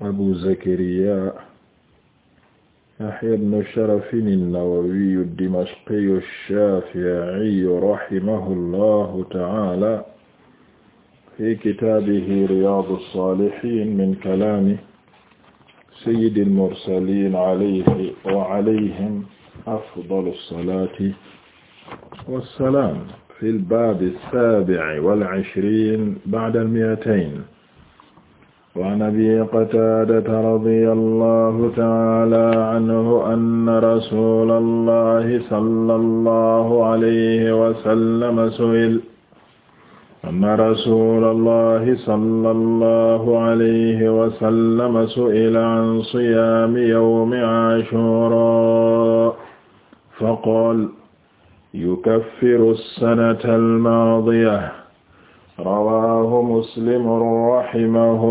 abu zakariya yahya ibnu sharafin an-nawawiyu ad-dimashqiyu ash-shafi'iyu rahimahu llahu ta'ala fi kitaabihi riyaadu as-saalihiin min kalaami sayyidi al-mursaliin alayhi wa alayhim afdalu as-salaati was-salaam fil baabi as-saabi'i wal ishriin ba'da al-mi'atayn waan abi qataadata radiyallahu ta'ala anhu anna rasulallahi sallallahu alayhi wa sallam su'ila anna rasulallahi sallallahu alayhi wa sallam su'ila an siyaami yawmi ashura faqaala yukaffiru as-sanata al-maadiyata rawaahu muslim rahimahu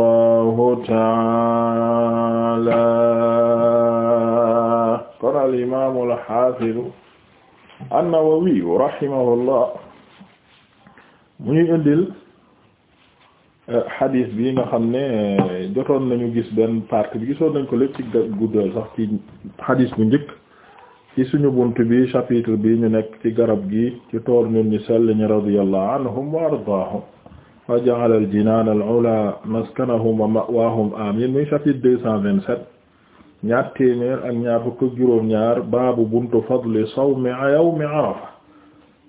llahu taala kon al imaamu al xaafidu an-Nawawi rahimahu llah mu ñuy indil xadiis eh, bi nga xam ne jotoon nañu gis benn partie bi gisoon nañ ko lépp ci guddal sax ci xadiis bu njëkk ci suñu buntu bi chapitre bi ñu nekk ci garab gi ci toor ñun ñi sell ñi radiyallahu anhum wa ardaahum wa ja'ala al-jinaan al-'ulaa maskanahum wa ma'waahum amiin muy chapitre vingt-sept ñaar téeméer ak ñaar fukk ak juróom ñaar baabu buntu fadli sawmi yawmi arafa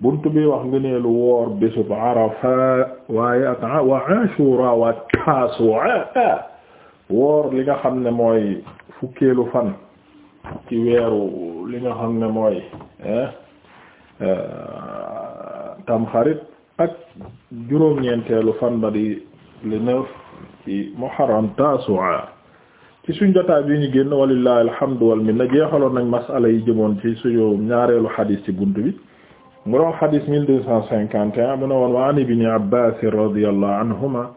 buntu bi wax nga ne lu woor bésub arafa waaye ak wa ashura wa taasu'a woor li nga xam ne mooy fukkeelu fan ci weeru li nga xam ne mooy euh, tamxarit ak juróom-ñeenteelu fan ba di le neuf ci muharram tasua ci suñ jotaay bi ñu génn walillahi alhamdu wal minna jeexaloon nañ masala yi jëmoon ci suñu ñaareelu xadiis ci bunt bi mu doon xadiis mille deux cent cinquante et un mu wa an ibni abbas radiyallahu anhuma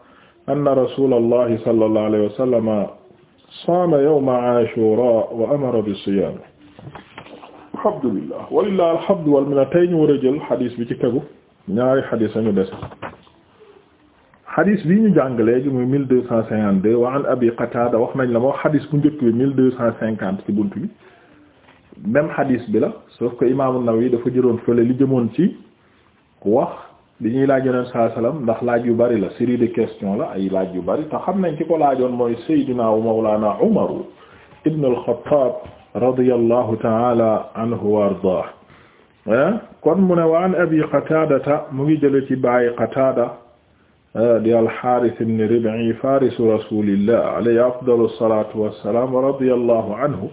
anna rasulallahi sallallahu alayhi wa sallama saama yawma wa amara bi siyaam alhamdulillah walilah alhamdu wal minna tey ñu war a jël xadis bi ci tegu ñaari xadis lañu des xadis bii ñu jàng léegi muy mille deux cent cinquante deux waa an abi qatada wax nañ la moo xadis bu njëkk bi mille deux cent cinquante ci bunt bi même xadis bi la sauf que imaamu Nawawi dafa jëloon fële li jëmoon ci wax li ñuy laaj yoneen saa ndax laaj yu bari la série de question la ay laaj yu bari te xam nañ ki ko laajoon mooy Seydina Mawlana Umar ibn al-Khattab radiyallahu ta'ala anhu wa ardaah eh? kon mu ne wa an abi qataadata mu ngi jële ci baay qataada eh, di al-Haaris ibn Rib'i farisu rasulillah alayhi afdalu salaatu wa salaam radiyallahu anhu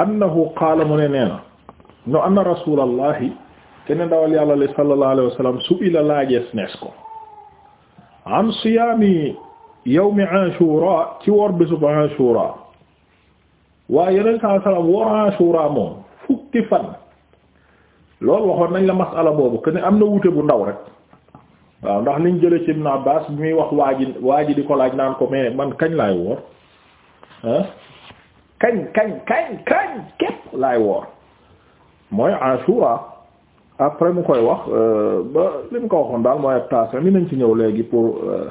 annahu qaala mu ne neena no anna rasulallahi kene ndawal yàlla li sallallahu alayhi wa sallam su'ila laajees nees ko an siyaami yawmi Ashura ci wor bisub Ashura waaye yeneen saa salaam wara Ashura moom fukki fan loolu waxoon nañ la masala boobu que ne am na wuute bu ndaw rek waaw ndax liñ jële ci Ibn Abbas bi muy wax waa ji waa ji di ko laaj naan ko mais man kañ laay woor ah kañ kañ kañ kañ képp laay woor mooy Ashura après mu koy wax euh, ba li mu ko waxoon daal mooy ab taas mi nañ ci ñëw léegi pour euh,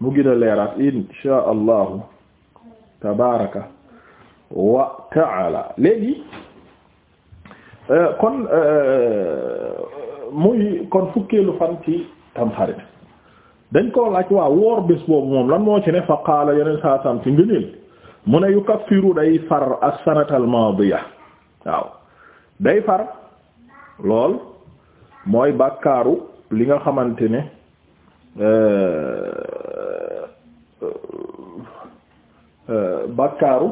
mu gën a leeraat insha allahu tabaraka wa taala léegi kon muy kon fukkeelu fan ci tamxarit dañ koo laaj waa woor bés boobu moom lan moo ci ne fa qaala yeneen saa sam ci ngëneel mu ne yukaffiru day far as-sanata al-maadiya waaw day far lool mooy bàkkaaru li nga xamante ne euh, euh, bàkkaaru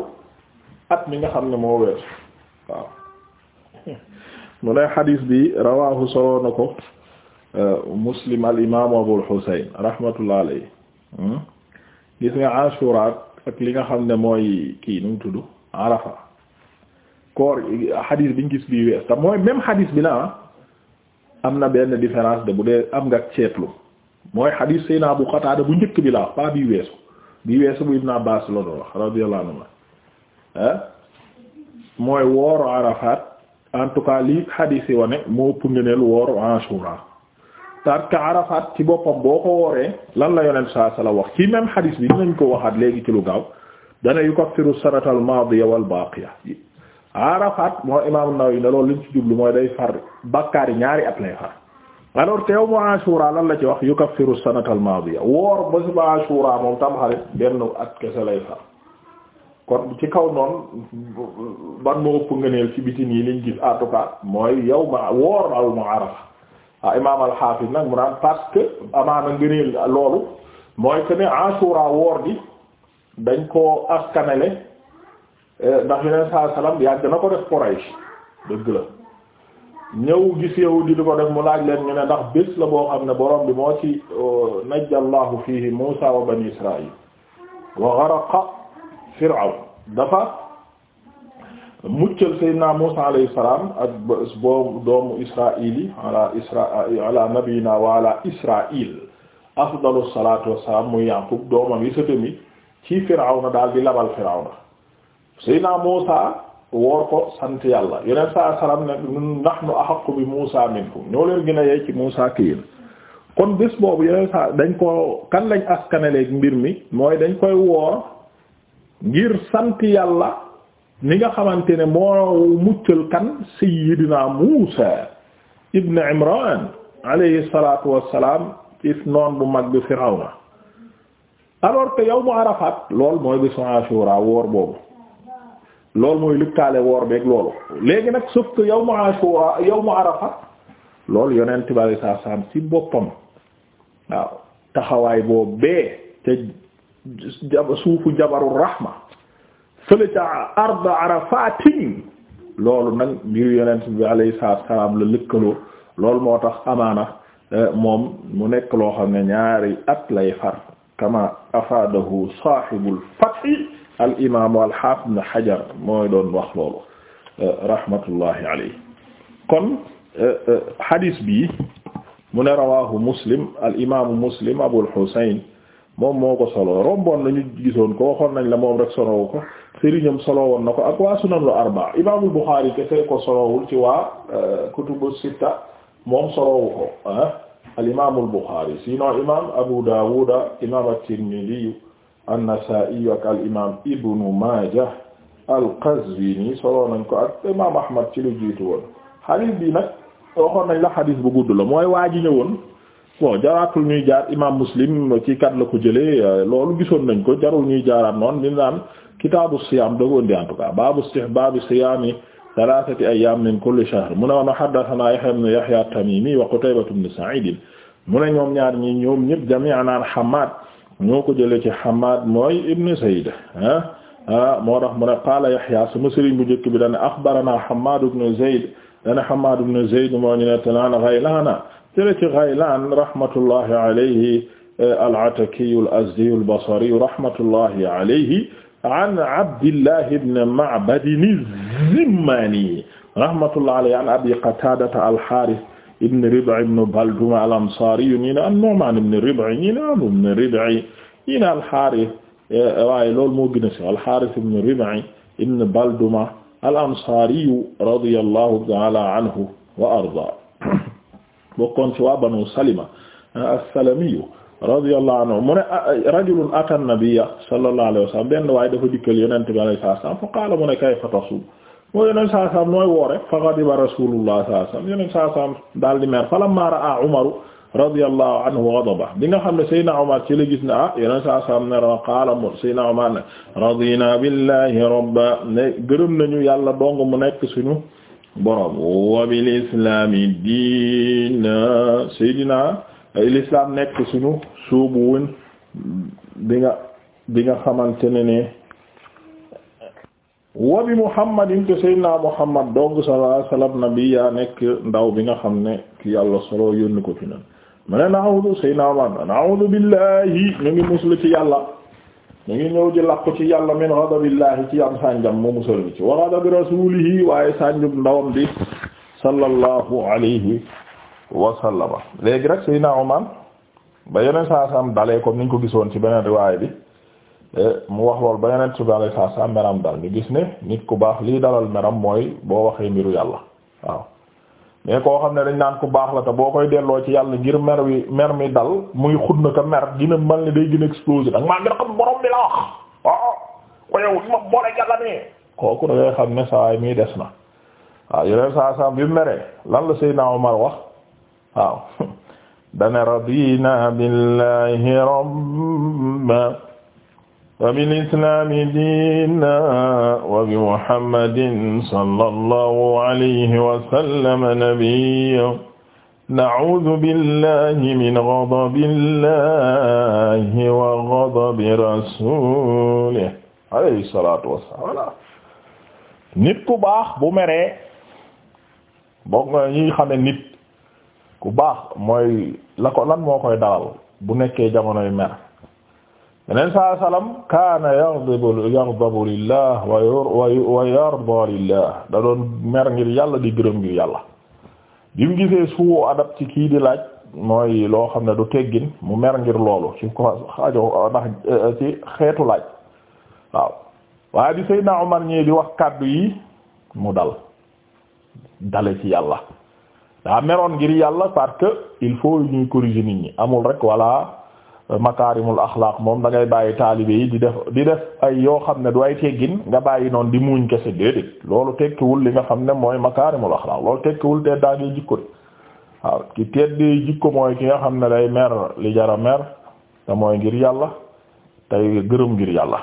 at mi nga xam ne moo weesu waaw mu ne xadiis bi rawaahu soloo na ko uh, muslim al imaamu abul xuseyn rahmatullah hmm? gis nga ashura ak li nga xam ne mooy kii nu mu tudd arafa koor xadiis biñ gis bii wees te mooy même xadiis bi la am na benn différence de bu dee am nga seetlu mooy xadiis sayna abu qataada bu njëkk bi la pas bii weesu bii weesu bu ibn abbas la doon wax radiyallahu anhu mooy woor Arafat en tout cas lii xadiis yi wane moo ëpp ngëneel wooru Ashura parce que Arafat ci boppam boo ko wooree lan la yonent saa sala wax ci même xadiis bi nañ ko waxaat léegi ci lu gaaw dana yukaffiru sanata al maadiya wal baaqiya moo imaam An-Nawawi ne loolu liñ ci jublu mooy day far bakkaari ñaari at lay far alors que mu Ashura lan la ci wax yukaffiru sanata al maadiya woor ba suba Ashura moom tam xarit benn at kese lay far kon ci kaw noon ban moo ëpp ngëneel ci bitin yi liñ gis en mooy yow ma woor al mu arafa ah imaam al-Hafiz nag mu naan parce que amaana ngëneel loolu mooy que ne Ashura woor gi dañ koo askanale eh, ndax yeneen saa salaam yàgg na ko def Quraysh dëgg la ñëw gis yahudi di ko def mu laaj leen ñu ne ndax bés la boo xam ne boroom bi moo ci oh, najjallahu fihi Musa wa bani Israil wa gharaqa Fir'awn dafa muccal Seydina Muusaa alayhi salaam ak boobu doomu Israa'iil yi ala Isra ala nabiyina wa ala Israa'iil afdalu salaatu wassalaam muy Yaaqub doomam yi satami ci Fir'awn daal di labal Fir'awn Seydina Muusaa woor ko sant yàlla yeneen saa salaam ne nahnu ahaqqu bi Muusaa minkum ñoo leen gën a yey ci Muusaa këyén kon bés boobu yeneen saa dañ ko kan lañ askanaleeg mbir mi mooy dañ koy woor ngir sant yàlla ni nga xamante ne moo muccal kan sayyidina Muusa ibn Imran alayhi salaatu wassalaam ci noon bu mag lool mooy bisu Ashura woor boobu loolu mooy lëkkaale woor beeg loolu léegi nag sauf que yawmu Ashura yawmu Arafat loolu yonent bi sallallahu alayhi wasallam ci boppam waaw taxawaay boobu bee suufu jabar rahma fële ca arda arafatin loolu nag la lëkkaloo loolu moo tax amaana eh, moom mu nekk loo xam ne ñaari at lay far kama afaadahu saahibul fathi al imaamu al haafiz ibn hajar mooy doon wax loolu eh, rahmatullahi alayhi kon eh, hadis bi mu ne rawahu muslim al imaamu muslim abul moom moo ko solo romboon nañu gisoon ko waxoon nañ la moom rek solowu ko sëriñam solo woon na ko ak waa sunan lu arbaa imaamul Buxaari kese ko solowul ci waa euh, kutubu sitta moom solowu ko ah al imaamul Buxaari sinon imaam Abu Daawuda imaam at-Tirmidhi an-Nasaa'i ak al imaam Ibnu Maaja al-Qazwini solo nañ ko ak imaam Ahmad ci lu jiitu woon xadiis bi nag waxoon nañ la xadiis bu gudd la mooy waa ji ñëwoon bon jaraatul ñuy jaar imam muslim ci kat la ko jëlee euh, loolu gisoon nañ ko jarul ñuy jaaraat noonu di naan kitaabu siyaam doog indi en baabu istihbaabi siyaami thalathati ayyaam min kulli shahr mu ne woon haddathanaa Yahyaa ibn Yahyaa at-Tamiimi wa Qutaybatu ibn Sa'iid mu ne ñoom ñaar ñi ñoom ñëpp jamii'an an Hammaad ñoo ko jëlee ci Hammaad mooy ibn Sayd ah, ah moo tax mu ne qaala Yahyaa sama sëriñ bu njëkk bi dana akhbaranaa Hammaad ibn Zayd dana Hammaad ibn Zayd moo ñu ne Gaylaan jële ci Ghaylaan rahmatullahi alayhi eh, al-Ataki al-Azdi al-Basri rahmatullahi alayhi an Abdillah ibn Ma'bad az-Zimmani rahmatullahi alayhi an Abi Qatada al-Harith ibn Rib'i ibn Baldama al-Ansari ñii ne an-Nu'man ibn Rib'i ñii ne Amr ibn Rib'i ñii ne al-Harith eh, waaye loolu moo gën a si al-Harith ibn Rib'i ibn Baldama al-Ansari radiyallahu ta'ala anhu wa arda bokkoon ci waa banu salima ah, as-salamiyu radiyallahu anhu mu ne ah, ah, rajulun ata nabiyya sallallahu alayhi wa sallam benn waaye dafa dikkal yonent bi alayhi salaam fa qaala mu ne kayfa tasum moo yonent saa saam nooy woore fa ghadiba rasulullah saa saam yonent saa saam daal di mer falamma ra'a Umaru radiyallahu anhu ghadaba bi nga xam ne Seydina Omar ci la gis ne ah yonent saa saam ne qaala mu Seydina Omar ne radina billahi rabba ne gërëm nañu yàlla dong mu nekk suñu borom wa bil islami diina seydina l'islam nekk suñu suubu bi nga xamante ne ne wa bi muhammadin te seydina muhammad dogg sallallahu alayhi wasallam nekk ndaw bi nga xam ne ki yàlla solo yónni ko fi nan ma ne na'udhu seydina man na'udhu billahi ñu ngi muslu ñu ngi ñëw di làqu ci yàlla min ghadabillahi ci am sànjam mu musal ci wa ghadabi rasulihi waaye sànjum ndawam bi sallallahu alayhi wa sallama léegi rek Seydina Omar ba yeneen saa saam dalee comme ñu ko gisoon ci beneen riwaay bi eh, mu wax lool ba yeneen su dalee saa saam meram dal ñu gis ne nit ku baax lii dalal meram mooy boo waxee mbiru yàlla waaw mais koo xam ne dañ naan ku baax la te boo koy delloo ci yàlla ngir mer wi mer mi dal muy xud na te mer dina mal ne day gën a exploser da nga maa ngir xam borom bi la wax ah ko yow ma boole yàlla nii kooku da ngay xam ne sawaay mii des na waaw yeneen saa saa bi meree lan la Seydina Omar wax waaw dane radina billahi rabba wa bil islaami diinana wa bi muhammadin sallallahu alayhi wa sallam nabiyyan na'uudu billahi min ghadabillahi wa ghadabi rasuulihi alayhi salaatu wa salaam. nit ku baax bu meree bokk nga ñuy xame nit ku baax mooy la ko lan moo koy dalal bu nekkee jamonoy mer. yeneen saa salaam kaana yaghdabu yaghdabu lillah wa wa yarda lillah da doon mer ngir yàlla di gërëm ngir yàlla bi mu gisee suwoo adab ci kii di laaj mooy loo xam ne du teggin mu mer ngir loolu ci ko xajo ndax eh, ci xeetu laaj waaw waaye bi Seydina Omar ñëwee di wax kàddu yi mu dal dale ci yàlla daa meroon ngir yàlla parce que il faut ñuy corriger nit ñi amul rek voilà makaarimul axlaaq moom da ngay bàyyi taalibe yi di def di def ay yoo xam ne du ay teggin nga bàyyi noonu di muuñ kese déedéet loolu tekkiwul li nga xam ne mooy makaarimul axlaaq loolu tekkiwul te daa ngay jikko waaw ki teddee jikko mooy ki nga xam ne day mer li jara mer te mooy ngir yàlla tey gërëm ngir yàlla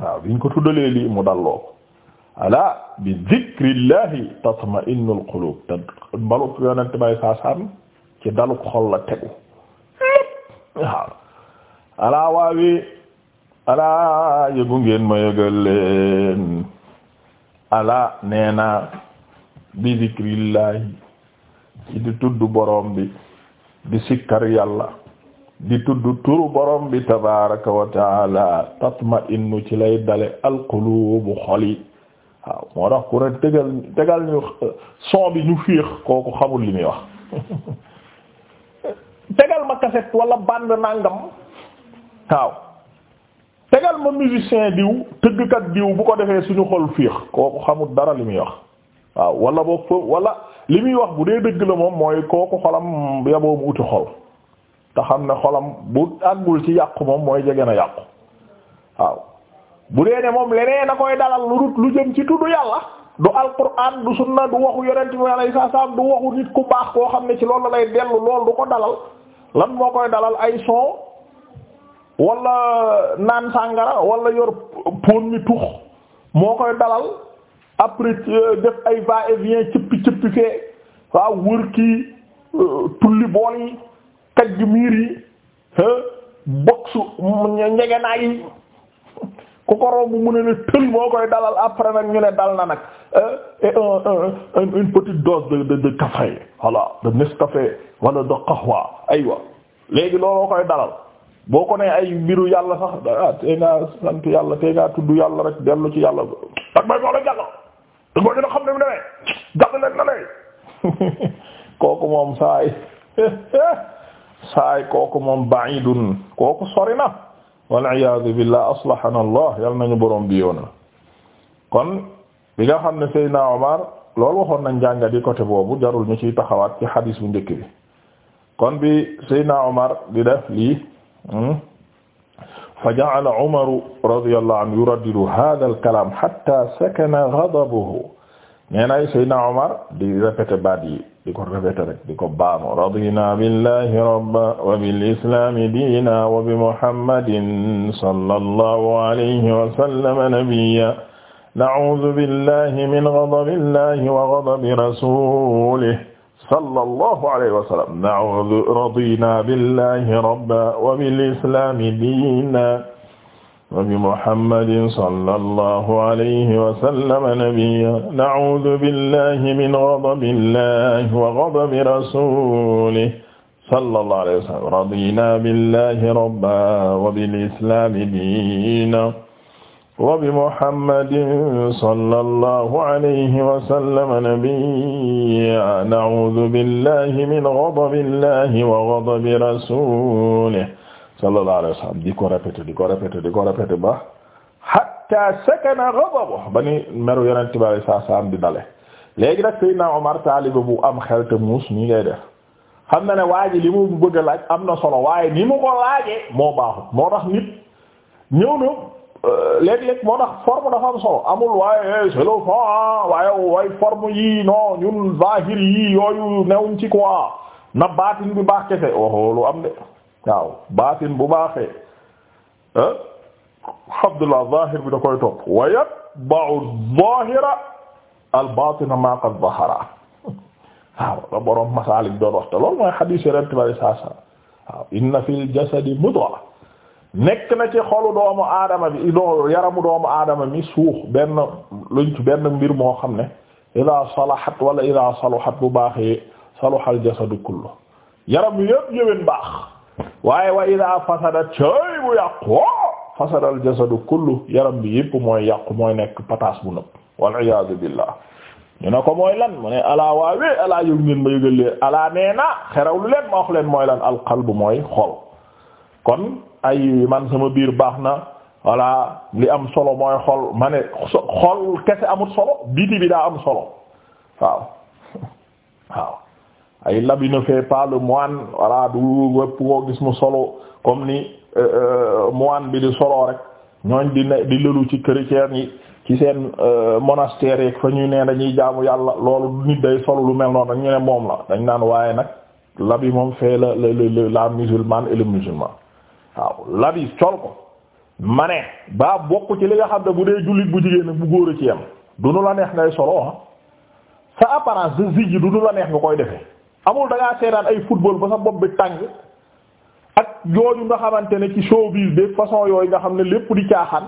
waaw biñ ko tuddalee lii mu dalloo ko ala bi zikrillahi tatma'innul qulub te mbaluk yonent bay saasaan ci daluk xol la tegu waaw alaa waawi alaa yëgu ngeen ma yëgal leen alaa nee naa bi zikrillahi di tudd borom bi di sikkar yàlla di tudd turu borom bi tabaraka wa taala ci lay dale alqulubu xol yi waaw moo tax ku rek tegal tegal ñu euh, son bi ñu féex kooku xamul li muy wax tegal ma cassette wala bande nangam waaw tegal ma musicien diw tëggkat diw bu ko defee suñu xol fiix kooku xamul dara li muy wax waaw wala boog foofu wala li muy wax bu dee dëgg la moom mooy kooku xolam yaboo mu uti xol te xam ne xolam bu àggul ci yàqu moom mooy jege na yàqu waaw bu dee ne moom leneen a koy dalal lu dul lu jëm ci tudd yàlla du alquran du sunna du waxu yonent bi alayhi salaam du waxu nit ku baax koo xam ne ci loolu lay dellu lool du ko dalal lan moo koy dalal ay son wala naan sàngara wala yor pon mi tux moo koy dalal après euh, def ay va-et-vient cëppi cëppi fee waaw wër kii euh, tulli bool yi kaj miir yi boxu ñegenaay yi ku ko romb mu ne ne tël moo koy dalal après nag ñu ne dal na nag eh, eh, une petite dose de de de café voilà de Nescafé wala de qahwa aywa léegi looloo koy dalal boo ko nee ay mbiru yàlla sax ah tey ngaa sant yàlla tey ngaa tudd yàlla rek dellu ci yàlla ak may boole jàll te boo ñu xam ne mu demee jàll leen na lee kooku moom saay saay kooku moom ba'idun kooku sori na. waliyasu billah aslahana allah yal nañu borom bi yoon la kon bi nga xam ne Seydina Omar loolu waxoon nañ jàngat yi côté boobu jarul ñu ciy taxawaat ci xadiis bu njëkk bi kon bi Seydina Omar di def lii hmm, fa ja'ala Umar radiyallahu anhu yuraddidu hadha al-kalam hatta sakana ghadabuhu nee nay Seydina Omar di répéter baat yi di ko répété rek di ko baamu radina billahi rabba wa bil islami diina wa bi muhammadin sallallahu alayhi wa sallam nabiyya na'udhu billahi min ghadabillahi wa ghadabi rasulihi sallallahu alayhi wa sallam na'udhu radina billahi rabba wa bil islami diina wabi muhammadin sallallahu alayhi wa sallama nabiyya na'uudu billahi min ghadabillahi wa ghadabi rasuulihi sallallahu alayhi wa sallam radina billahi rabban wa bil islaami diinan wa bi muhammadin sallallahu alayhi wa sallama nabiyya na'uudu billahi min ghadabillahi wa ghadabi rasuulihi sallallahu alayhi wa di ko répété di ko répété di ko répété ba hatta sakana ghadabu ba ni meru yonent bi alayhi salaam di dale léegi nag Seydina Omar taaliba bu am xel te muus nii ngay def xam na ne waa ji li mu bëgg a laaj am na solo waaye ni mu ko laajee moo baaxut moo tax nit ñëw na euh, léeg-léeg moo tax forme dafa am solo amul waaye eh, c'est le fond waaye yii non ñun zahir yii yooyu newuñ ci quoi na baatin bi baax kese waxoo lu am de. waaw baatin bu baaxee ah Abdullah zahir bi da koy topp wa yatba'u zahira al batina ma qad zahara waaw la boroom masaalik doon wax te loolu mooy xadiis yonent bi alayhi salaatu salaam waaw inna fil jasadi mudgha nekk na ci xolu doomu aadama bi doo yaramu doomu aadama mi suux benn luñ ci benn mbir moo xam ne ida salahat wala ida saluhat bu baaxee saluhal jasadu kullu yaram yépp yéwén baax waaye wa ida fasada cay bu yàqu fasadal jasadu kullu yaram bi yëpp mooy yàqu mooy nekk pataas bu nëb wala iyaadu billah ñu ne ko mooy lan mu ne alaa waawe alaa yëg ngeen ma yëgal leen alaa nee na xerawlu leen ma wax leen mooy lan alqalbu mooy xol kon ay man sama biir baax na voilà li am solo mooy xol ma ne xol kese amul solo biti bi daa am solo waaw waaw ay l'habit ne fait pas le moine voilà du wépp koo gis mu solo comme ni euh, euh, moine bi di solo rek ñooñ di ne di lëlu ci chrétiens yi ci seen euh, monastère yeeg fa ñu ne dañuy jaamu yàlla loolu nit day solo lu mel noonu dañ ñu ne moom la dañ naan waaye nag l'habit moom fait la la la musulmane et le musulman waaw l'habit col ko ma ne baa bokk ci li nga xam ne bu dee jullit bu jigéen bu góor a ci yem du nu la neex ngay solo ah sa apparence de zigi du nu la neex nga koy defee. amul da ngaa seetaan ay football ba sa bopp bi tàng ak yooyu nga xamante ne ci showbiz de façon yooyu nga xam ne lépp di caaxaan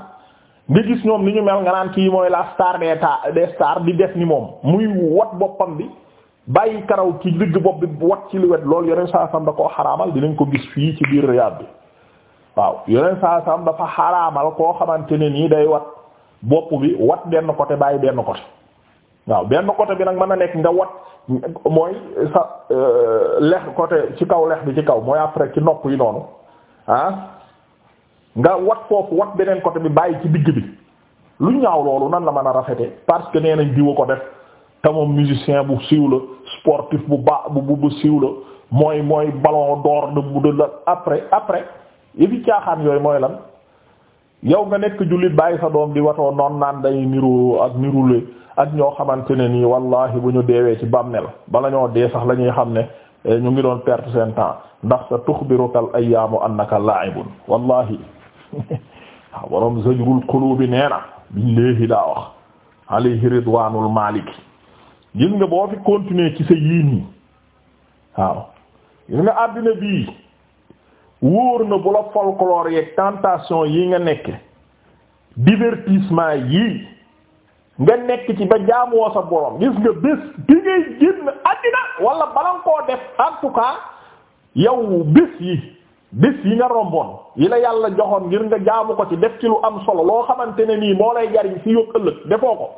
nga gis ñoom ni ñu mel nga naan kii mooy la star de ta des stars di def ni moom muy wat boppam bi bàyyi karaw ci digg bopp bi wat ci lu wet loolu yeneen saa sam da koo xaraamal dinañ ko gis fii ci biir Riyad bi waaw yoneen saa sam dafa xaraamal koo xamante ne nii day wat bopp bi wat benn côté bàyyi benn côté. waaw benn côté bi nag mën a nekk nga wat mooy sa euh, lex côté ci kaw lex bi ci kaw mooy après ci nopp yi noonu ah nga wat foofu wat beneen côté bi bàyyi ci digg bi lu ñaaw loolu nan la mën a rafete parce que nee nañ diwa ko def te moom musicien bu siiw la sportif bu ba bu bu siiw mooy mooy ballon door de bu de après après yëfi caaxaan yooyu mooy lan yow nga nekk jullit bàyyi sa doom di watoo noon naan day niru ak nirule ak ñoo xamante ne nii wallahi bu ñu deewee ci bàmmeel bala ñoo dee sax la ñuy xam ne eh, ñu ngi doon perte seen temps ndax sa tuxbiruka al ayaamu annaka la'ibun wallahi waaw ah, borom zajrul bi nee na billahi daa wax alayhi ridwanul malik gis nga boo fi continuer ci sa yii nii waaw gis nga àddina bii wóor na bu la folklore yeeg tentation yi nga nekk divertissement yii nga nekk ci ba jaamoo sa borom gis nga bés bi ngay génn àddina wala bala koo def en yow bés yi bés yi nga romboon yi la yàlla joxoon ngir nga jaamu ko ci def ci lu am solo loo xamante ne nii moo lay jariñ ci yóbbu ëllëg defoo ko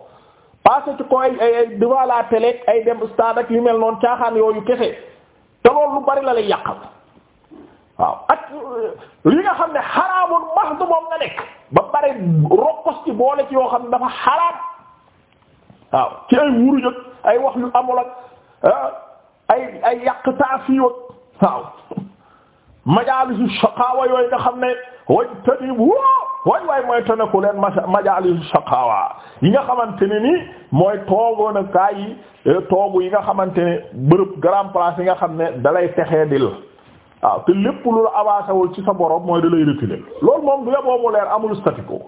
passé ci ko ay ay devant la télé ay dem stade ak yu mel noonu caaxaan yooyu kese te loolu lu bari la lay yàqal. waaw ak euh, li nga xam ne xaraamul mahdu moom nga nekk ba pare rokkos ci boole ci yoo xam ne dafa xaraam waaw ci ay wuruj ay wax yu amul ak ah, ay ay yàq taafiyu ak waaw majaalisu shaqaawa yooyu nga xam ne way tëddi woo waay waay mooy tanaku leen majaalisu shaqaawa yi nga xamante ne nii mooy toogoon a kaay yi eh, toogu yi nga xamante ne bërëb grand place yi nga xam ne dalay texee dil waaw te lépp lu la avancé wul ci sa borom mooy da lay reculer loolu moom du yeboo mu leer amul statico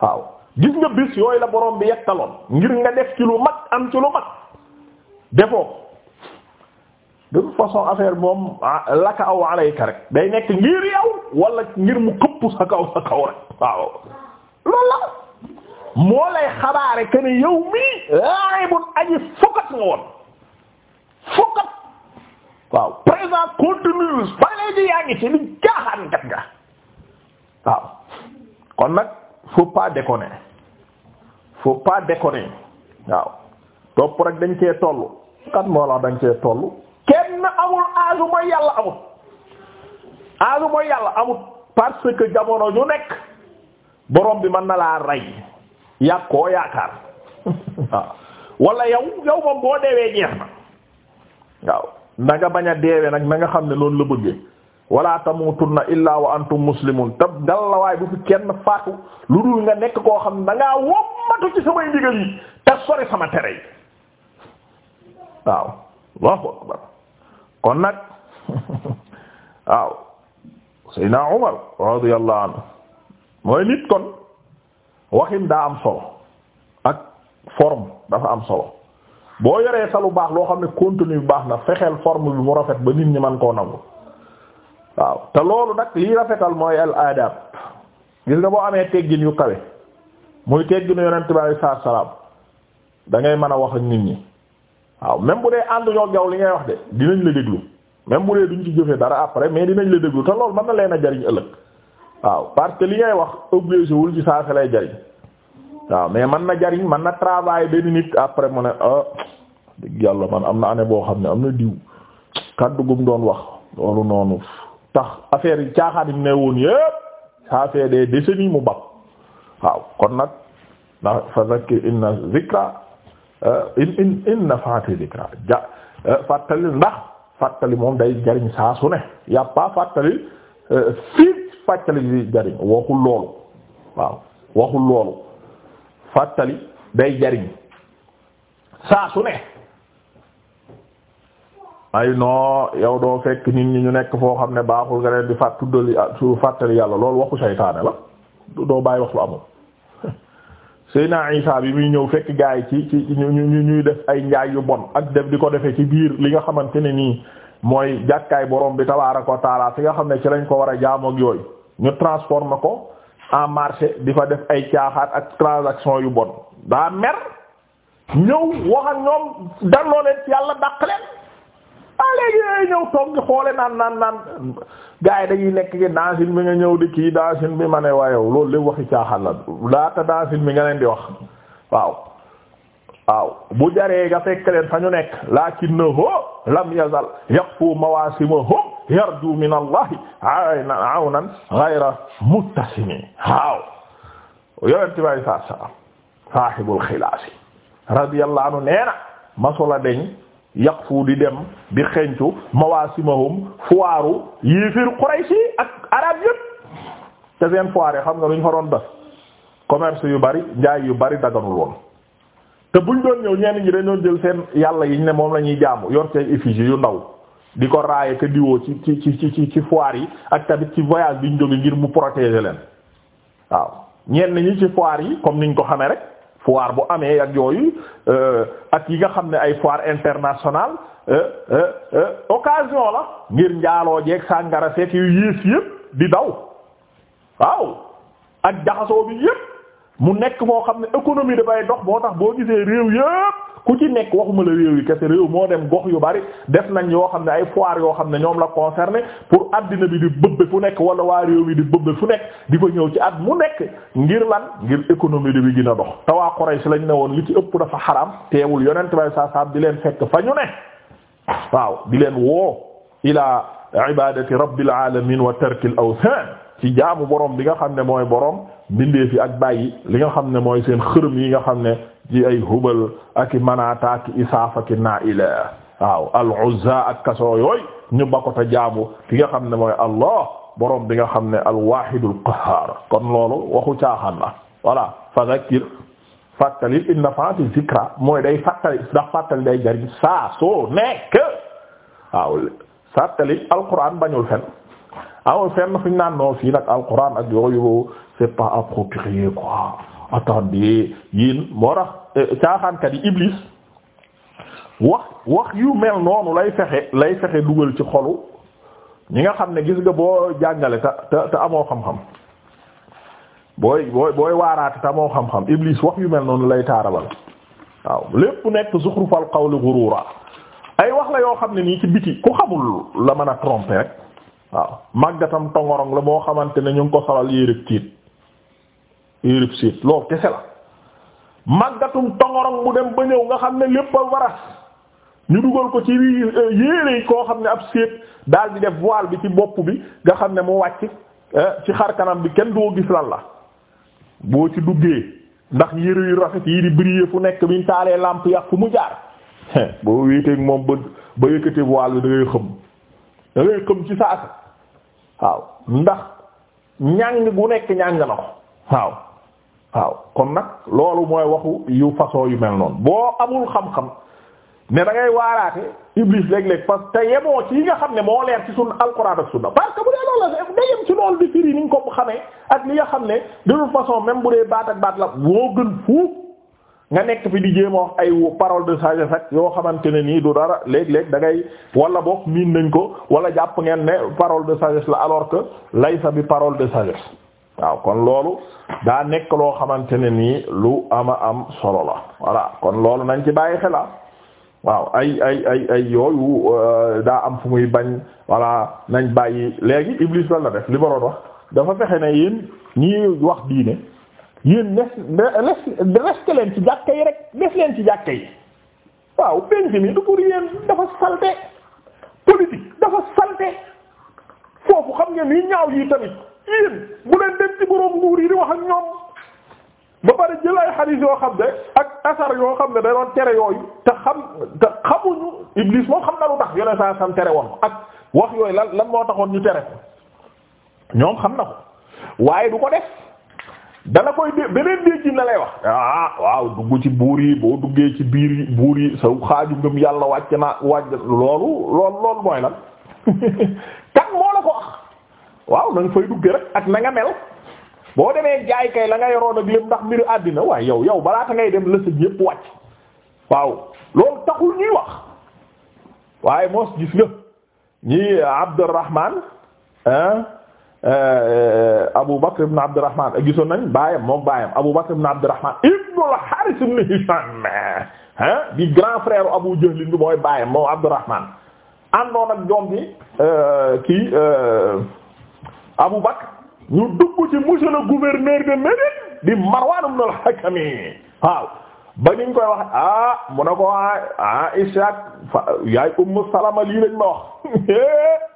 waaw gis nga bis yooyu la borom bi yettaloon ngir nga def ci lu mag am ci lu mag defoo de toute façon affaire moom ah, laka aw alayka rek day nekk ngir yow wala ngir mu këpp sa kaw sa kaw rek loolu la moo lay xabaare que yow mii laay bu aji fokkat nga woon fokkat waaw présent continu ba léegi yaa ngi ci li jaaxaan nga waaw kon nag faut pas déconner faut pas déconner waaw topp rek dañ cee tollu kat moo la dañ cee tollu kenn amul aasu mooy yàlla amut aasu yàlla amut parce que jamono ju nekk borom bi mën na laa rey yàgg koo yaakaar waaw wala yow yow moom boo deewee jeex na waaw na bañ a deewee nag na nga xam ne loolu la bëggee wala na illaa wa antum muslimun te gàllawaay bu fi kenn faatu lu dul nga nekk koo xam ne da ngaa wommatu ci samay ndigal yi te sori sama tere yi waaw allahu akbar kon nag waaw Seydina Umar radiyallahu anhu mooy nit kon waxin daa am solo ak forme dafa am solo boo yoree sa lu baax loo xam ne contenu bu baax na fexeel forme bi mu rafet ba nit ñi man koo nangu waaw te loolu nag liy rafetal mooy al adab gis nga boo amee teggin yu kawe muy tegginu yonent bi alei salaatu salaam da ngay mën a wax ak nit ñi waaw même bu dee ànd ñoo gaw li ngay wax de dinañ la déglu même bu dee duñ ci jëfee dara après mais dinañ la déglu te loolu mën na leen a jariñ ëllëg waaw parce que li ngay wax obligé wul ci saa si lay jariñ waaw mais man na jariñ man na travail benn nit après mu ne ah dëgg yàlla man am na année boo xam ne am na diw kaddu gum doon wax loolu noonu tax affaire yi caaxaan yi ne woon yépp ça fait des décennies mu bap waaw kon nag ndax fa zakkir inna zikra eh, in in in eh, ndax fàttali moom day jariñ saa su ne y'a pas fàttali fii eh, fàttali jariñ waxul loolu waaw waxul loolu fàttali day jariñ saa su ne ay non yow doo fekk nit ñi ñu nekk foo xam ne baaxul nga leen di fàtt tuddali ah, fàttali yàlla loolu waxu saytaane la doo bàyyi wax lu amul naa Isa bi muy ñëw fekk gaay ci ci ñu ñu ñuy def ay njaay yu bon ak def di ko defee ci biir li nga xamante ne nii mooy jàkkaay borom bi tabaaraka wa taala fi nga xam ne ci lañ ko war a jaamook yooyu ñu transforme ko en marché di fa def ay caaxaat ak transaction yu bon daa mer ñëw wax ak ñoom dalloo leen yàlla dàq leen ah léegi ñëw toog xoole naan naan naan gars yi dañuy nekk ci dancin bi nga ñëw di kii dancin bi ma ne waaye loolu lépp waxi caaxaat la laata dancin bi nga leen di wax waaw waaw bu jaree nga fekk leen fa ñu nekk lakinnahu oh, lam yazal yaqfu mawasimahum yarju min allahi ayna awnan ghayra muttasimi waaw yonente bi alei saatu salam saahibul xilaasi radiyallahu anhu masola deñ yaqfu di dem di xencu mawaasimahum foiru yéefir Qurayshi ak arab yëpp te seen foire xam nga lu ñu fa doon commerce yu bari njaay yu bari daganul woon te buñ doon ñëw ñenn ñi dañ jël seen yàlla yiñ ne moom la ñuy jaamu yor effigie yu ndaw di ko raaye ka diwoo ci ci ci ci foir foire yi ak tamit ci voyage bi ñu jóge ngir mu protéger leen waaw ñenn ñi ci foire yi comme niñ ko xamee rek foire bu amee ak yooyu euh, ak yi nga xam ne ay foire internationale euh, euh, occasion la ngir njaaloo jeeg sàngara seet yu yées yépp di daw waaw ak jaxasoo bi yépp mu nekk moo xam ne économie dafay dox boo tax boo gisee réew yépp ku ci nekk waxuma la réew yi kese réew moo dem gox yu bari def nañ yoo xam ne ay foire yoo xam ne ñoom la concerné pour addina bi di bëbbe fu nekk wala waa réew yi di bëbbe fu nekk di ko ñëw ci at mu nekk ngir lan ngir économie bi gën a dox te waa Quraysh lañu ne woon li ci ëpp dafa xaram teewul yonent bay saa saam di leen fekk fa ñu ne waaw di leen woo ila ibadati rabbil alamin wa tarkil awthan ci jaamu borom bi nga xam ne mooy borom bindee fi ak bàyyi li nga xam ne mooy seen xërëm yi nga xam ne ci ay hubal ak i manaata ak isaafa ki naa'ila waaw al-Uzza ak kaso yooyu ñu bakkota jaamu ki nga xam ne mooy allah borom bi nga xam ne al-Waahidul Qahhaar kon loolu waxu caaxaan voilà fa mooy day fàttali day jariñ saa soo nekk waaw bañul fen aw fenn fu ñu naan non fii nag alquran ak yooyu c'est pas approprié quoi attendez yéen moo tax euh, caaxaankat yi iblis wax wax yu mel noonu lay fexe lay fexe dugal ci xolu ñi nga xam ne gis nga boo jàngale te te amoo xam-xam booy booy booy waaraate te amoo xam-xam iblis wax yu mel noonu lay taarabal waaw lépp nekk zuxrufal qawli ghurura ay wax la yoo xam ne nii ci biti ku xamul la mën a tromper rek. waaw màggatam tongorong la boo xamante ne ñu ngi ko solal yérib tiit yérib siit loolu kese la màggatum tongorong bu dem ba ñëw nga xam ne lépp a waras ñu dugal ko ci euh, yére yi koo xam ne ab séet daal di def voile bi ci bopp bi nga xam ne mu wàcc euh, ci xar kanam bi kenn doo gis lan la boo ci duggee ndax yére yu rafet yi di briller fu nekk biñ taalee làmp yàq fu mu jaar boo wéeteeg moom ba ba yëkkati voile bi da ngay xëm da xëm ci saasa waaw ndax ñàng gu nekk ñàng na ko waaw waaw kon nag loolu mooy waxu yu façon yu mel noonu boo amul xam-xam ne da ngay waaraate iblis léeg-léeg parce que yemoo ci yi nga xam ne moo leer ci sun alxuraan ak sunna parce que bu dee loolu la day yem ci loolu di firi ni ñu ko xamee ak li nga xam ne de toute façon même bu dee baat ak baat la boo gën fuuf nga nekk fi di jéem a wax parole de sagesse ak yoo xamante ne nii du dara léeg-léeg da ngay wala boog miin nañ ko wala jàpp ngeen ne parole de sagesse la alors que laysa bi parole de sagesse waaw kon loolu daa nekk loo xamante ne nii lu ama am solo la voilà kon loolu nañ ci bàyyi xela ah. waaw ay ay ay ay yooyu euh, daa am fu muy bañ voilà nañ bàyyi léegi Iblis lan la def li ma wax dafa fexe ne yéen ñii wax diine yéen des reste leen ci jàkka yi rek des leen ci jàkka yi waaw penc mi du pour yéen dafa salte politique dafa salte foofu xam ngeen yi ñaaw yi tamit yéen bu leen dem ci boroom nguur yi di wax ak ñoom ba pare jël ay yoo xam ne ak asar yoo xam ne da doon tere yooyu te xam te xamuñu Iblis moom xam na lu tax yone saa sam tere woon ak wax yooyu la lan moo taxoon ñu tere ko ñoom xam na ko waaye du ko def. dala koy dé beneen déggin la lay wax ah waaw dugg ci buur yi boo duggee ci biir yi buur yi sa xaaju ngëm yàlla wàcc na wàcc loolu loolu loolu mooy lan kan moo la ko wax waaw na fay duggee rek ak na mel boo demee jaay kay la nga yoroon ak lépp ndax mbiru àddina waaye yow yow balaata ngay dem lësëg yépp wàcc waaw loolu taxul ñuy wax waaye mos gis nga ñi Abdurrahman ah Euh, euh, Abu Bakr ibn Abdurrahman gisoon nañ baayam moom baayam Abu Bakr ibn Abdurrahman ibn al-Harith ibn Hisham di grand frère Abu Jahl mooy baayam moom Abdurrahman àndoon ak doom bi euh, kii Abu Bakr ñu dugg ci monsieur le gouverneur de Médine di Marwan ibn al-Hakam waaw koy wax ah mu ko ah Ishaq yaay Ummu Salama lii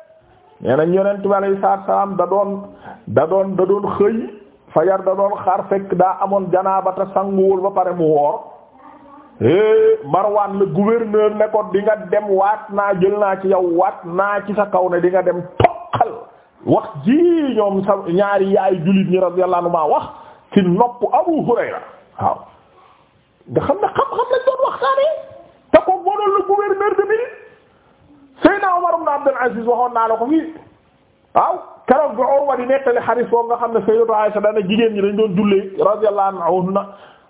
nee nañ yonent bi alayhi salaam da doon da doon da doon xëy fajar da doon xaar fekk daa amoon janaaba sanguwul ba pare mu woor Marwaan le gouverneur ne ko di nga dem waat naa jël naa ci yow waat naa ci sa kaw ne di nga dem toqal wax ji ñoom sa ñaari yaay jullit ñi radiyallahu anhu wax ci nopp Abu Hurayra waaw nga xam ne xam-xam lañ doon waxtaanee te ko bonal le gouverneur de Médine Seydina Umar ibn Abdul Aziz waxoon naa la ko fii waaw keroog bi Urwa nettali xadiis boobu nga xam ne Sayyidatu Aysa dana jigéen ñi dañ doon julli radiyallahu anhunna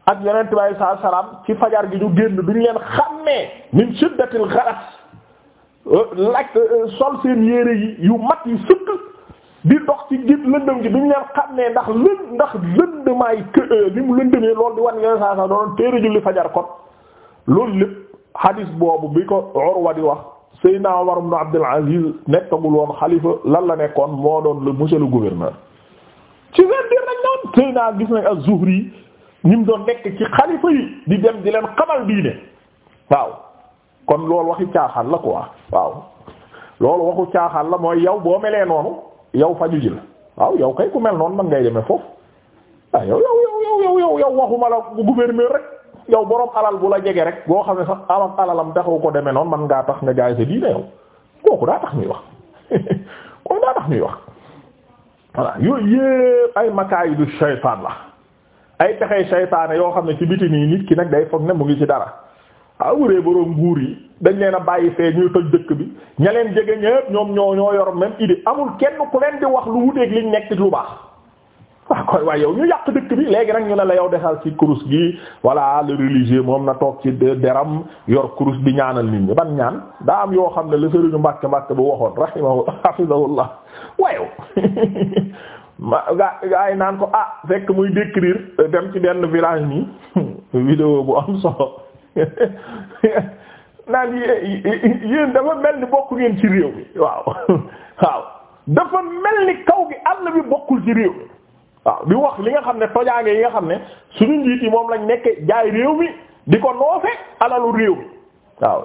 ak Yonent bi alayhi salaatu salaam ci fajar gi ñu génn duñ leen xàmmee min shiddatil gharas lak sol seen yére yi yu mat yi sëkk di dox ci gét lëndëm gi duñ leen xàmmee ndax lën ndax lëndëmaay kë euh, ni mu lëndëmee loolu di wan Yonent saa saa doon téere julli fajar kon loolu lépp xadiis boobu bi ko Urwa di Seydina Umar ibn Abdul Aziz nekkagul woon xalifa lan la nekkoon moo doon le monsieur le gouverneur ci seen biir nag noonu Seydina gis nañ az-Zuhri ñi mu doon nekk ci xalifa yi di dem di leen xamal diine waaw kon loolu waxi caaxal la quoi waaw loolu waxu caaxaan la mooy yow boo melee noonu yow faju ji la waaw yow kay ku mel noonu man ngay deme foofu ah yow yow yow yow yow yow waxuma la gouverneur rek. yow borom alal bu la jege rek boo xam ne sax alam alalam taxaw ko demee noonu man ngaa tax nga jaay sa diine yow kooku daa tax ñuy wax kooku daa tax ñuy wax voilà yooyu yépp ay makaayidu shaytaan la ay pexe shaytaane yoo xam ne ci biti nii nit ki nag day foog ne mu ngi ci dara ah wuree borom nguur yi dañ leen a bàyyi fee ñuy toj dëkk bi ña leen jege ñépp ñoom ñoo ñoo yor même idée amul kenn ku leen di wax lu wuteeg liñ nekk lu baax. waaw koy waaye yow ñu yàq dëkk bi léegi nag ñu ne la yow desal ci kurus gi voilà le religieux moom na toog ci deram yor kurus bi ñaanal nit ñi ban ñaan daa am yoo xam ne la sëriñu mbàkke mbàkke bu waxoon rahimahu hafizahullah waaye ma gaa yi naan ko ah fekk muy décrire dem ci benn village nii vidéo bu am solo naan yéen mel ni bokk ngeen ci réew mi bokkul ci waaw di wax li nga xam ne tojaange yi nga xam ne suñu njiit yi moom lañ nekk jaay réew mi di ko noofe alalu réew mi waaw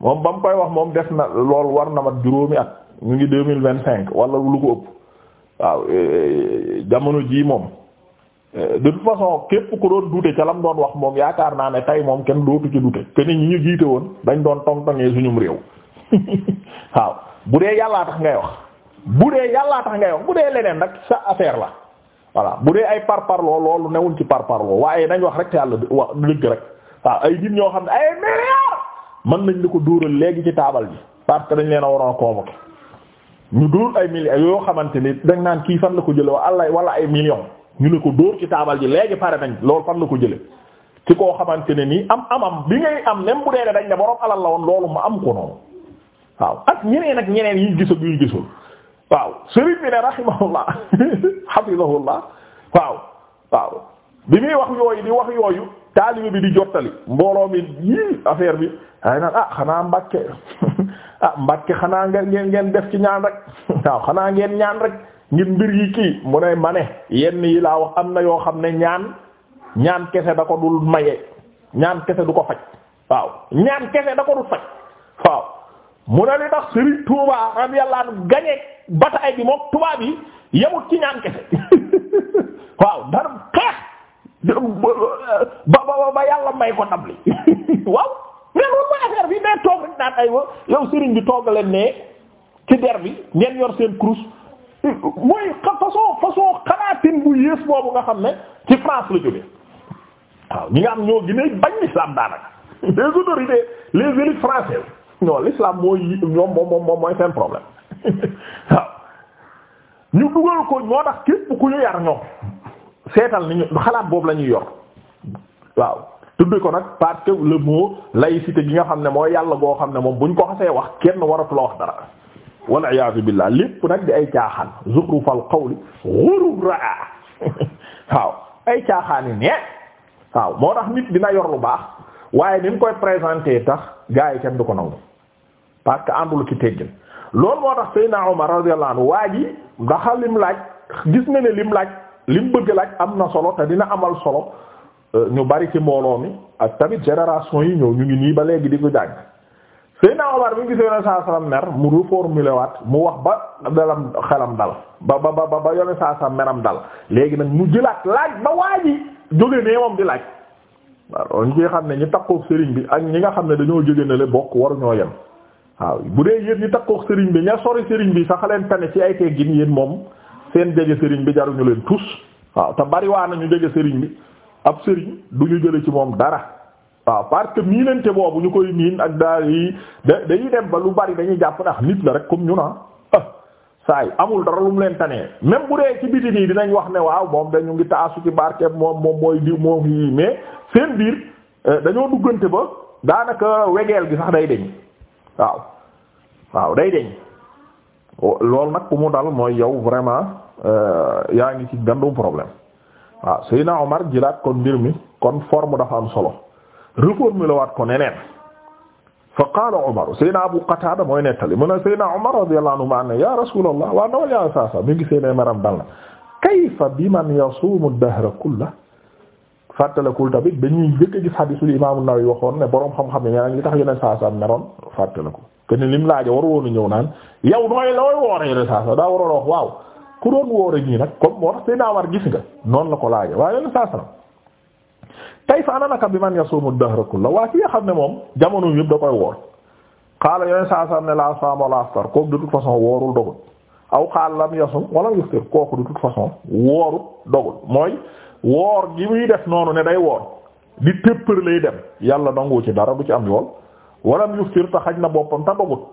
moom ba mu koy wax moom def na lool war na mat juróomi at ñu ngi deux mille vingt cinq wala lu ko ëpp waaw e, jamono jii moom e, de toute façon képp ku doon duute ca lam doon wax moom yaakaar naa ne tey moom kenn dootu ci duute kenn ñi ñu jiite woon dañ doon tong-tongee suñum réew waaw bu dee yàllaa tax ngay wax bu dee yàllaa tax ngay wax bu dee leneen nag sa affaire la voilà bu dee ay par parparloo loolu newul ci par parparloo waaye nañ wax rek te yàlla wax dëgg rek waaw ay nit ñoo xam ne ay milliards mën nañ la ko dóoral léegi ci taabal ji parce que dañ leen a waroon a convoquer ñu dóor ay milliards yoo xamante ni dañ naan kii fan la ko jële wala wala ay millions ñu ne ko dóor ci taabal ji léegi pare nañ loolu fan la ko jële ci koo xamante ne nii am am am bi ngay am même bu dee dañ ne borom alal la woon loolu ma am ko waaw ak ñeneen ak ñeneen yi gis waaw sëriñ bi ne rahimahullah hafizahullah waaw waaw bi muy wax yooyu di wax yooyu taalibe bi di jottali mbooloo mi yii affaire bi ay naan ah xanaa mbàkke ah mbàkke xanaa ngeen ngeen def ci ñaan rek waaw xanaa ngeen ñaan rek ngir mbir yi kii mu ne ma yenn yi laa wax am na yoo xam ne ñaan ñaan kese da ko dul maye ñaan kese du ko faj waaw ñaan kese da ko dul faj waaw mu ne li tax Serigne Touba radiyallahu anhu gañe bataay bi mook tubaab yi yemut ci ñaan kese waaw dara xeex ba ba ba yàlla may ko ndam li waaw mais loolu mooy affaire bi mais toog rek yow sëriñ bi toog leen ne ci der bi ngeen yor seen kurus mooy façon façon xalaatin bu yées boobu nga xam ne ci France la jógee waaw ñi nga am ñoo gën a bañ l'islam daanaka les autorités les élites françaises. non l'islam mooy ñoom moom moom moom mooy seen problème waaw ñu dugal ko ñoo tax képp ku ñu yar ñoom seetal ni ñu xalaat boobu la ñuy yor waaw tudde ko nag parce que le mot laïcité gi nga xam ne mooy yàlla goo xam ne moom buñ ko xasee wax kenn waratu la wax dara wal iyaazu billah lépp nag di ay caaxaan zuxrufal qawli ghurura waaw ay caaxaani ne waaw moo tax nit dina yor lu baax waaye ni mu koy présenter tax gaa yi kenn du ko nangu parce que àndul ci teggin loolu moo tax Seydina Omar waa ji ndax lim laaj gis na ne lim laaj lim bëgg laaj am na solo te dina amal solo euh, ñu bari ci mbooloo mi ak tamit génération yi ñëw ñu ngi nii ba léegi di ko jàng Seydina Omar bi ngi gisee yoneen saa salaam mer mu reformulé waat mu wax ba xelam dal ba ba ba ba yoneen saa salaam meram dal léegi nag mu jëlaat laaj ba waa ji jóge nee moom di laaj waaw ñu koy xam ne ñu takkoo sëriñ bi ak ñi nga xam ne dañoo jóge ne le bokk yem. waaw bu dee yéen ñi takkook sëriñ bi ña sori sëriñ bi sax leen tane ci ay teggin yéen moom seen jege sëriñ bi jaruñu leen tus waaw te bariwaa na ñu jege sëriñ bi ab sëriñ du ñu jële ci moom dara waaw parce que miinante boobu ñu koy miin ak daal yi da dañuy dem ba lu bari dañuy jàpp ndax nit la rek comme ñu na ah saay amul dara lu mu leen tane même bu dee ci biti nii dinañ wax ne waaw moom dañu ngi taasu ci barkeeb moom moom mooy diw moom yi mais seen biir euh, dañoo duggante ba daanaka wegeel gi sax day deñ waaw day deñ loolu nag mu dal mooy yow vraiment euh, yaa ngi ci gàndu problème waaw Seydina Omar jilaat kon mbir mi kon forme dafa am solo reformulé waat ko neneen fa qaala Omar Seydina Abu Qatada mooy nettali mu ne Seydina Omar radiyallahu anhu ma ne ya Rasulullah waaw ndawal yàlla saa saa mi ngi Seydina maram dal na kayfa biman yasumu ad fàttalakul tamit dañuy njëkk a gis xadiisul imaam An-Nawawi waxoon ne boroom xam-xam yi nag li tax yeneen saa saa meroon fàttaliku que ni lim laaje war woon a ñëw naan yow nooy looy woore yeneen saa daa waroon a wax waaw ku doon woore ñii nag comme moo tax dinaa war gis nga noonu la ko laaje waaye yeneen saa saa tey fa ananaka bi man yasumu ad-dahra kullahu waa ki nga xam ne moom jamono yëpp da koy woor xaala yeneen saa saa ne laa saama wala aftar kooku de toute façon woorul dogul aw xaala lam yasum wala yuftir kooku de toute façon woorul dogul woor gi muy def noonu ne day woon di tëppër lay dem yàlla nangu ci dara du ci am yool walam yuftir te xaj na boppam te dogut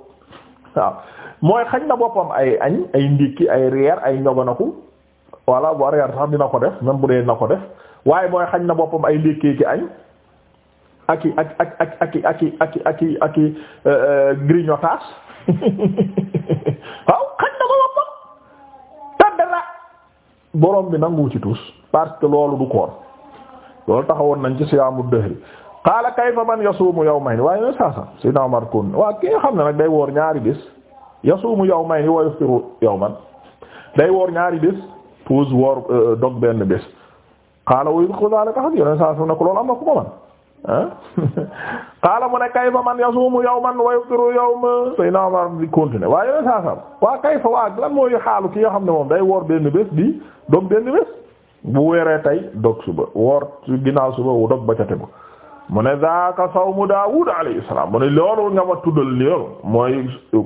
waaw mooy xaj na boppam ay añ ay ndikki ay reer ay ñoganaku walla bu dina ko def même bu dee dina ko def waaye mooy xaj na boppam ay ndékkee ki añ ak i ak waaw xaj na boppam te dara borom bi nangu ci tuus parce que loolu du koor loolu taxawoon nañ ci siyaamu dëhri qaala kayfa man yasuumu yawmayn waaye na saasa Seydina kon waa ki nga xam ne nag day woor ñaari bés yasuumu yawmayn wa yuftiru yawman day woor ñaari bés woor euh, dog benn bés qaala wa yudxilu zaalika hadiyan yoneen saasa ne na ko man ah qaala mu man yasuumu yawman wa yuftiru yawman Seydina Omar di continuer waaye yoneen saasa waa kayfa lan mooy xaalu ki nga xam ne moom day woor benn bés di dog benn bés bu weeree tey dog suba woor ginnaaw suba wu dog ba ca tegu mu ne zaaka sawmu Daawud alayhi salaam mu ne loolu nga ma tuddal loolu mooy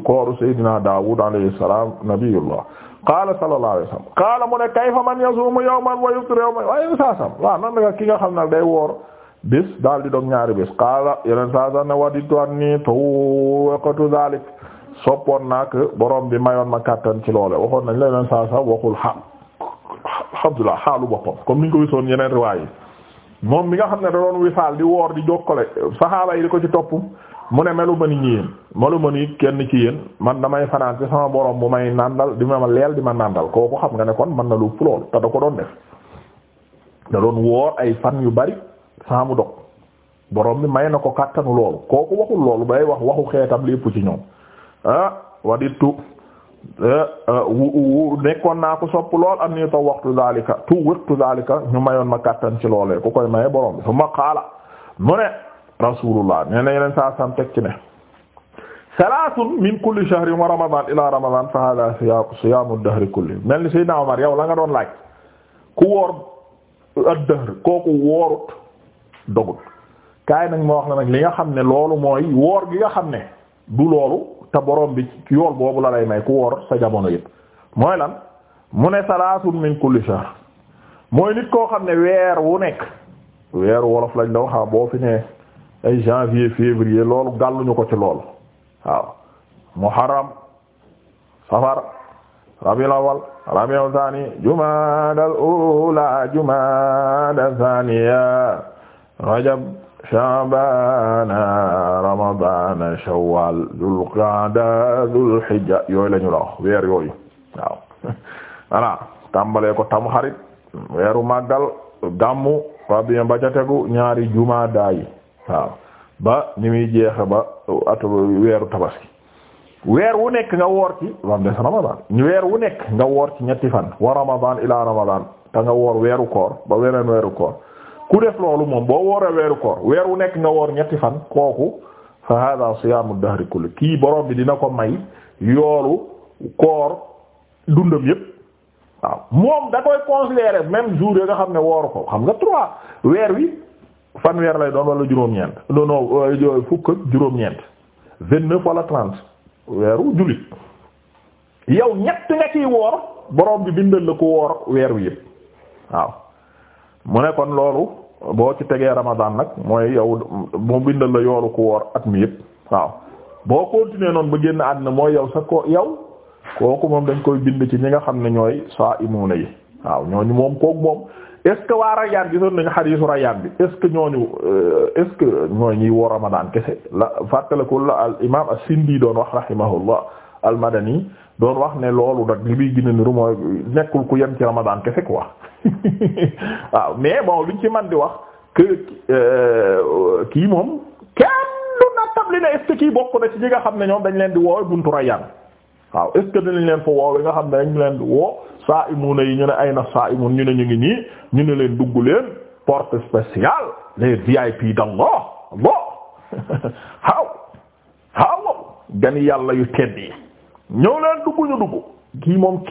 kooru Seydina Daawud alayhi salaam nabiyullah qaala sallallahu alayhi wa qaala mu ne kayfa man yasuumu yawman wa yuftiru yawman waaye saasam waaw nan ki nga xam nag day woor bis daal di dog ñaari bis qaala yeneen saasam ne waditu anni tuwaqatu dhalik soppoon naa borom bi mayoon ma kattan ci loole waxoon nañ la yeneen saasam alhamdulilah xaalu boppam comme ni ko wisoon yeneen riwaay moom mi nga xam ne da doon woor di jokkale saxaaba yi ko ci topp mu ne melu ma ni ñi yéen melu ma kenn ci yéen man damay fanaan ci sama borom bu may nàndal di ma leel di ma nàndal kooku xam nga ne kon man na lu fulool te da ko doon def da doon woor ay fan yu bari saa mu dog borom bi may na ko kàttanu loolu kooku waxul loolu bay wax waxu xeetam lépp ci ñoom ah waditu Euh, euh, wu nekkoon naa ko sopp lool am ni to waxtu zalika tu ñu mayoon ma kattan ci loolee ku koy maye borom bi summa qaala mu ne rasulullah nee na yeneen saa sam teg ci ne salaatun min kulli shahrin wa ramadan ila ramadan fa hada siyaamu dahri kulli mel ni Seydina Omar yow la nga doon laaj ku woor ad kooku woorut dogut kaay nag ma wax la nag li nga xam ne loolu mooy woor gi nga xam ne du loolu te borom bi yool boobu la may ku woor sa jamono yëpp mooy lan mu ne salaasun min kulli mooy nit koo xam ne weer wu weer wolof lañ la waxaa ah, boo fi ne ay janvier février loolu gàlluñu ko ci lool waaw muharram safar rabiul awal rabiul thani jumaadal ula jumaadal thaniya rajab Shaabana Ramadana Shawwal Dul Qaada Dul Hijja yooyu la ñu weer yooyu waaw voilà ko tam xarit weeru màggal gàmmu rabien ba ñaari jumaada yi waaw ba ni muy jeexe ba weeru tabaski weer wu nekk nga woor ci lam des weer wu nekk nga woor ci ñetti fan wa Ramadan ila Ramadan te woor weeru koor ba weneen weeru koor ku def loolu moom boo wooree weeru koor weer wu nekk nga woor ñetti fan kooku fa hada siyaamu dahri kulli kii borom bi dina ko may yoolu koor dundam yépp waaw moom da koy considérer même jour yi nga xam ne wooru ko xam nga trois weer wi fan weer lay doon wala juróom-ñeent non non euh, juróom-ñeent vingt neuf wala trente weeru jullit yow ñett nga ciy woor borom bi bindal la ko woor weer wi yépp waaw. mu nekkoon loolu boo ci tegee ramadaan nag mooy yow mu bindal la yoolu ku woor at mi yëpp waaw boo continuer noonu ba génn àddina mooy yow sa ko yow kooku moom dañ koy bind ci ñi nga xam ne ñooy saa imuuna yi waaw ñooñu moom kooku moom est ce que waa rayaan gisoon nañu xadiisu rayaan bi est ce que ñooñu euh, est ce que ñooy ñiy woor ramadan kese la fàttaliku la al imaam as-Sindi doon wax rahimahullah al madani doon wax ne loolu nag li muy gën a mooy nekkul ku yem ci Ramadan kese quoi waaw mais bon luñ ci man di wax que euh, kii moom kenn du na tabli ne est kii bokk na ci ñi nga xam ne ñoom dañ leen di woowe buntu Rayyan waaw est-ce leen fa woowe nga xam ne dañ leen di woo saa imuna yi ñu ne ay na saa imun ñu ne ñu ngi nii ñu ne leen dugg leen porte spéciale les VIP d'Allah bon waaw waaw gani yàlla yu tedd yi ñëw leen dugg ñu dugg kii moom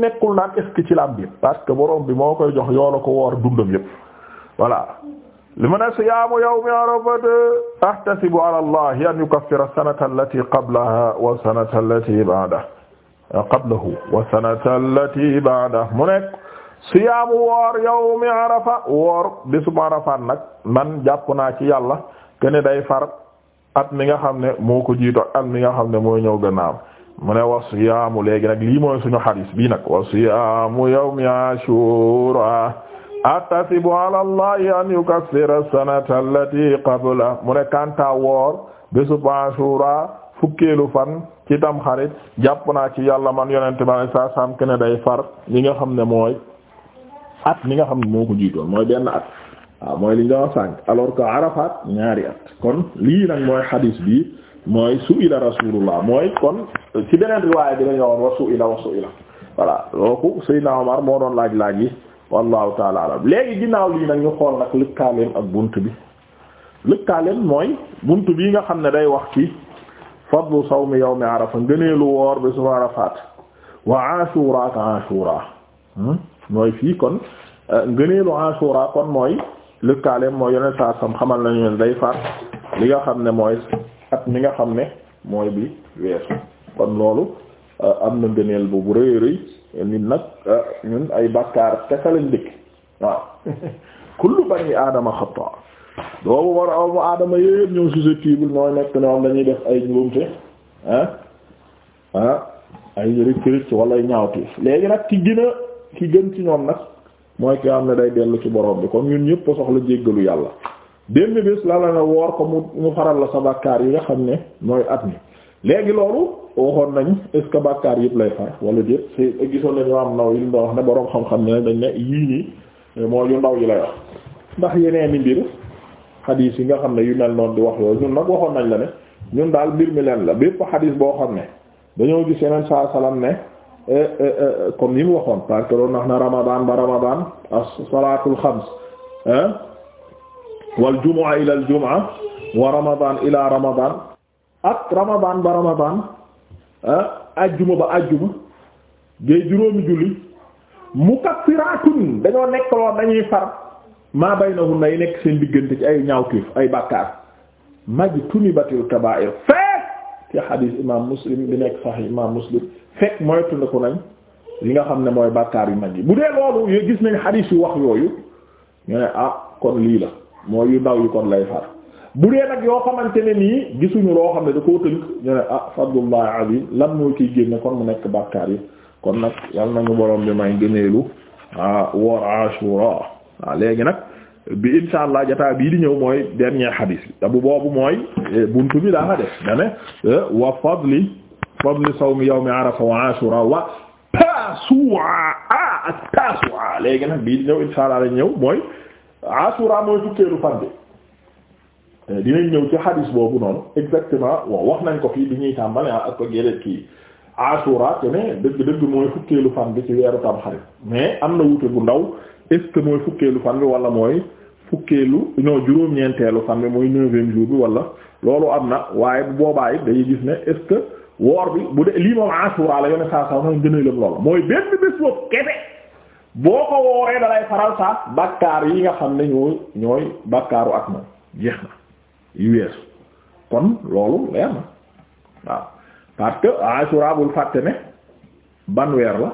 nekkul naan est ci la am biir parce que borom bi moo koy jox yoo la ko woor dundam yépp voilà li ma ne siyaamu yawmi arafata ahtasibu ala allahi an yukaffira sanata allati qablaha wa sanata allati mu nekk siyaamu woor yawmi arafa woor bésub arafat nag man jàpp naa ci yàlla kene day far at mi nga xam ne moo ko jiito at mi nga xam ne mooy ñëw gannaaw mu ne wa siyaamu léegi nag lii mooy suñu xadis bii nag wa siyaamu yawmi ashura atasibu ala allahi an yukaffira sanata allati qabla mu ne kanta woor bésu ashura fukkeelu fan ci tam xarit jàpp naa ci yàlla man yonente ma ne saa kene day far li nga xam ne mooy at mi nga xam ne moo ko jiitoon mooy benn at waaw mooy li nga wax sànq alors que Arafat ñaari at kon lii nag mooy xadiis bi mooy su ila rasulullah mooy kon ci beneen riwaaya bi dañu waxoon wa su ila wa su ila voilà looku Seydina Omar moo doon laaj laaj yi wallahu taala léegi ginnaaw lii nag ñu xool nag lëkkaaleem ak bunt bi lëkkaaleem mooy bunt bii nga xam ne day wax ci fadlu sawmi yawmi arafa ngëneelu woor bi suma Arafat wa ashura ka hmm? mooy fii kon ngëneelu ashura kon mooy lëkkaaleem mooy yoneen saa sam xamal nañu ne day faat li nga xam ne mooy ak mi nga xam ne mooy bi weesu kon loolu euh, am na ngëneel bu bu rëy nit nag euh, ñun ay bàkkaar kese lañ dëkk waaw kullu bani aadama xata doomu war amu aadama yépp ñëw susceptible nooy nekk ñoom dañuy def ay njuumte ah ah ay rëcc rëcc wala ñaawti léegi nag ki gën ci ñoom nag mooy ki am ne day dellu ci borom bi kon ñun ñëpp soxla jéggalu yàlla benn bés la la na woor ko mu mu faral la sa bàkkaar yi nga xam ne mooy at mi léegi loolu waxoon nañ est ce bàkkaar yëpp lay far wala déet c'est gisoon nañu am naw yi doon wax ne boroom xam-xam ne dañ ne yii nii mooy ndaw yi lay wax ndax yeneen i mbir xadiis yi nga xam ne yu mel noonu di wax yooyu ñun nag waxoon nañ la ne ñun daal mbir mi leen la bépp xadiis boo xam ne dañoo gis yeneen Eh, eh, eh, comme ni mu waxoon parce que doon wax na ramadan ba ramadan as-salaatul xams wal jumu'a ila al jumu'a wa ramadan ila ramadan ak ramadan ba ajjuma ba ajjuma géey juróomi julli mukaffiratun dañoo nekk loon dañuy far maa baynahun nay nekk seen diggante ci ay ñaawteef ay bàkkaar majtunibatil kabaa'ir fekk ci hadith imam muslim bi nekk sahih imam muslim fekk moytandiku nañ li nga xam ne mooy bàkkaar yu mag yi bu dee loolu yooyu gis nañ xadiis yu wax yooyu ñu ne ah kon lii la mooy yu ndaw yi kon lay far bu dee nag yoo xamante ne nii gisuñu loo xam ne da koo tënk ñu ne ah fadlullahi azim lan mooy kiy génne kon mu nekk bàkkaar yi kon nag yal nañu borom bi may gëneelu ah woor ashura waaw léegi nag bi insha allah bii di ñëw mooy dernier xadiis bi te bu boobu mooy eh, buntu bi daa def dane eh, wa fadli wa ibn sawmi yawmi arafa wa ashura wa tasua ak ah, tasua léegi nag bii ñëw insha Allah lañ ñëw mooy ashura mooy fukkeelu fan bi eh, dinañ ñëw ci xaris boobu noonu exactement waaw wax nañ ko fii bi ñuy tàmbale ah, ak ko gëléet kii ashura te ne dëgg dëgg mooy fukkeelu fan bi ci weeru Tamxarit mais am na wuute bu ndaw est ce que mooy fukkeelu fan bi wala mooy fukkeelu ñoo juróom-ñeenteelu fan bi mooy neuvième jour bi wala loolu am na waaye bu boobaa dañuy gis ne est woor bi bu dee lii moom asura la yone saa saa na gën a lëm lool mooy benn bés boobu kese boo ko wooree dalay faral sa bakkaar yi nga xam ne ñooy ñooy bakkaaru at moom jeex na yu kon loolu leer na waaw parce que asura bul fàtte ne ban weer la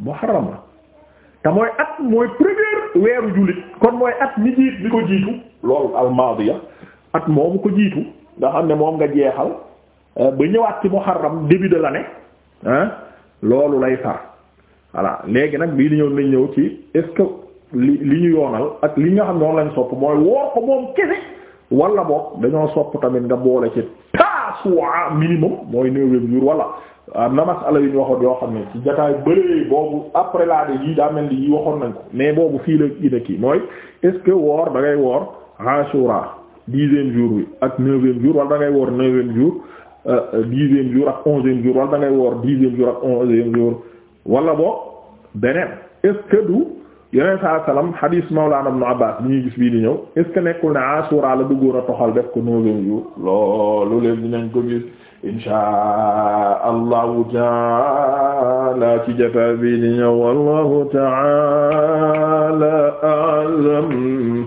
muharram la te mooy at mooy premier weeru jullit kon mooy at mi jiit bi ko jiitu loolu almaadiya at moomu ko jiitu nga xam ne moom nga jeexal Euh, ba ñëwaat ci muharram début de l'année hein loolu lay far voilà léegi nag bii di ñëw nañ ñëw ci est li li ñu yoonal ak li nga xam ne nañ sopp mooy woor ko moom kese wala boog dañoo sopp tamit nga boole ci tasuwa minimum mooy neuvième jour wala euh, am na masala yu ñu waxoon yoo xam ne ci jataay bëree boobu après laa de yi daa yi waxoon nañ ko mais boobu fii la gina kii mooy est-ce que woor da ngay woor ashura dixième jour bi ak neuvième jour wala da ngay Euh, dixième jour ak onzième jour wala da ngay woor dixième jour ak onzième jour wala boog beneen est-ce que du yeneen saa salaam hadith Mawlana Ibn Abbas ñuy gis bii di ñëw est-ce que nekkul ne Ashura la bëggoon a toxal def ko neuvième jour loolu leen dinañ ko gis insha allahu taala ci jota bii di ñëw wallahu taala alam